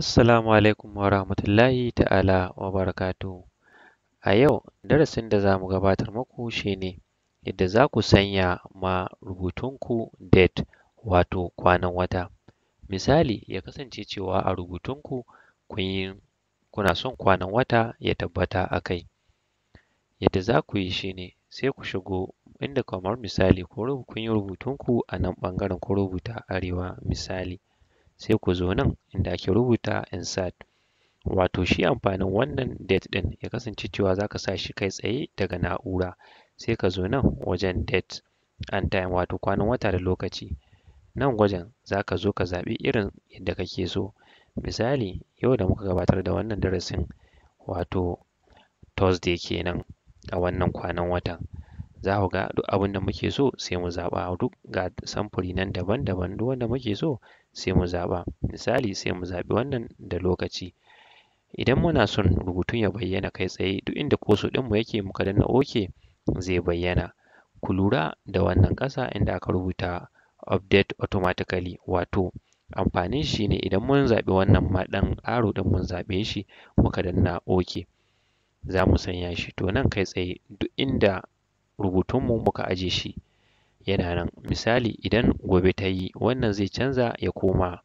Assalamu alaikum wa rahmatullahi ta'ala wa barakatuhu. A yau darasin da za mu gabatar muku shi ne yadda za ku sanya ma rubutunku date wato kwanan wata. Misali ya kasance cewa a rubutunku kun yi kuna son kwanan wata ya tabbata a kai. Yadda za ku yi shi ne sai ku shigo inda kamar misali kun yi rubutunku a nan ɓangaren kun rubuta arewa misali. sai ku zo nan inda ake rubuta insert wato shi amfanin wannan date ɗin ya kasance cewa za ka sa shi kai tsaye daga na'ura sai ka zo nan wajen date and time wato kwanan wata da lokaci nan wajen za ka zo ka zaɓi irin yadda kake so misali yau da muka gabatar da wannan darasin wato thursday kenan a wannan kwanan watan za ku ga duk abin da muke so sai mu zaɓa duk ga samfuri nan daban-daban duk wanda muke so sai mu zaɓa misali sai mu zaɓi wannan da lokaci idan muna son rubutun ya bayyana kai tsaye duk inda koso ɗinmu yake muka danna oke zai bayyana ku lura da wannan ƙasa inda aka rubuta update automatically wato amfanin shi ne idan mun zaɓi wannan ma ɗan aro ɗin mun zaɓe shi muka danna oke. za mu sanya shi to nan kai tsaye duk inda rubutunmu muka aje shi yana nan misali idan gobe ta yi wannan zai canza ya koma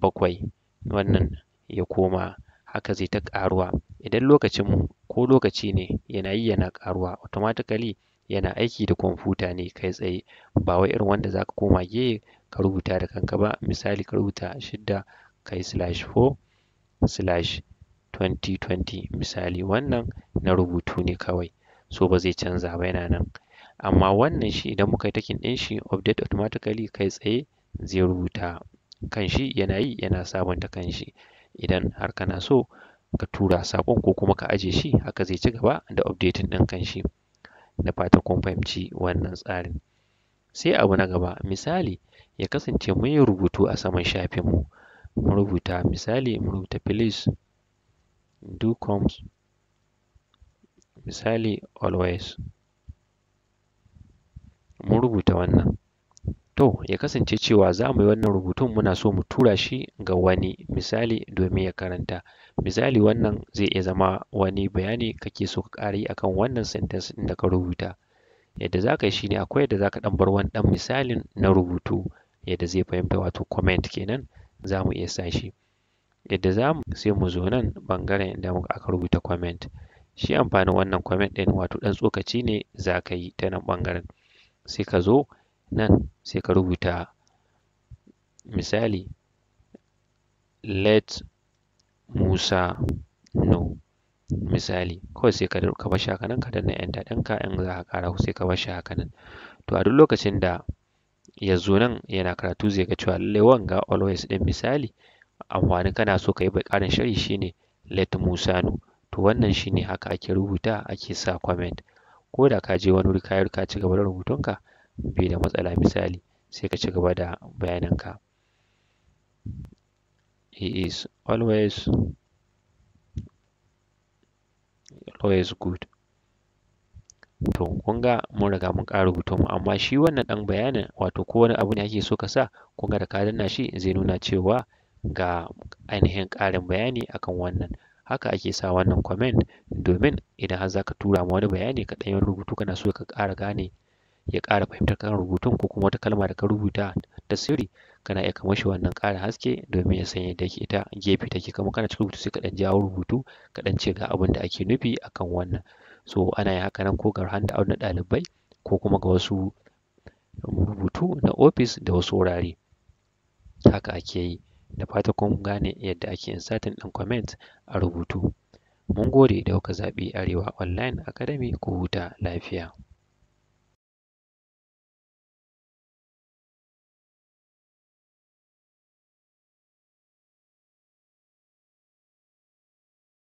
bakwai wannan ya koma haka zai ta ƙaruwa idan lokacin ko lokaci ne yana yi yana ƙaruwa automatically yana aiki da kwamfuta ne kai tsaye ba wai irin wanda za ka koma gefe ka rubuta da kanka ba misali ka rubuta shidda kai slash four slash 2020 misali wannan na rubutu ne kawai so ba zai canza ba yana nan amma wannan shi idan muka yi takin ɗin shi update automatically kai tsaye zai rubuta kan shi yana yi yana sabunta kan shi idan har kana so ka tura saƙon ko kuma ka aje shi haka zai ci gaba da updating ɗin kan shi da fata kun fahimci wannan tsarin sai abu na gaba misali ya kasance mun yi rubutu a saman shafinmu mun rubuta misali mun rubuta please do comes misali always mun rubuta wannan to ya kasance cewa za mu yi wannan rubutun muna so mu tura shi ga wani misali domin ya karanta misali wannan zai iya zama wani bayani kake so ka ƙara yi akan wannan sentence ɗin da ka rubuta yadda za ka yi shine akwai yadda za ka ɗan bar wani ɗan misalin na rubutu yadda zai fahimta wato comment kenan za mu iya sa shi yadda za mu sai mu zo nan ɓangaren inda aka rubuta comment shi amfanin wannan comment ɗin wato ɗan tsokaci ne za ka yi ta nan ɓangaren sai ka zo nan sai ka rubuta misali let musa no misali kawai sai ka bar shi haka nan ka danna enter ka in za ka ƙara sai ka bar shi haka nan to a duk lokacin da ya zo nan yana karatu zai ga cewa lallai wanga always ɗin misali amfani kana so ka yi ƙarin shari shine let musa nu to wannan shine haka ake rubuta ake sa comment ko da ka je wani wuri ka ka ci gaba da rubutunka bai da matsala misali sai ka ci gaba da bayananka he is always always good to kun ga mun riga mun ƙara rubutun mu amma shi wannan ɗan bayanin wato ko wani abu ne ake so ka sa kun ga da ka danna shi zai nuna cewa ga ainihin ƙarin bayani akan wannan haka ake sa wannan comment domin idan har zaka tura ma wani bayani ka ɗan rubutu kana so ka ƙara gane ya ƙara fahimtar kan rubutun ko kuma wata kalma da ka rubuta ta sirri kana iya kamashi shi wannan ƙara haske domin ya sanya da ke ita gefe take kama kana cikin rubutu sai ka ɗan jawo rubutu ka ɗan ce ga abin da ake nufi akan wannan so ana yin haka nan ko ga hand out na ɗalibai ko kuma ga wasu rubutu na ofis da wasu wurare haka ake yi Da fata kun gane yadda ake insatin ɗin comment a rubutu. Mun gode da kuka zaɓi Arewa Online Academy ku huta lafiya.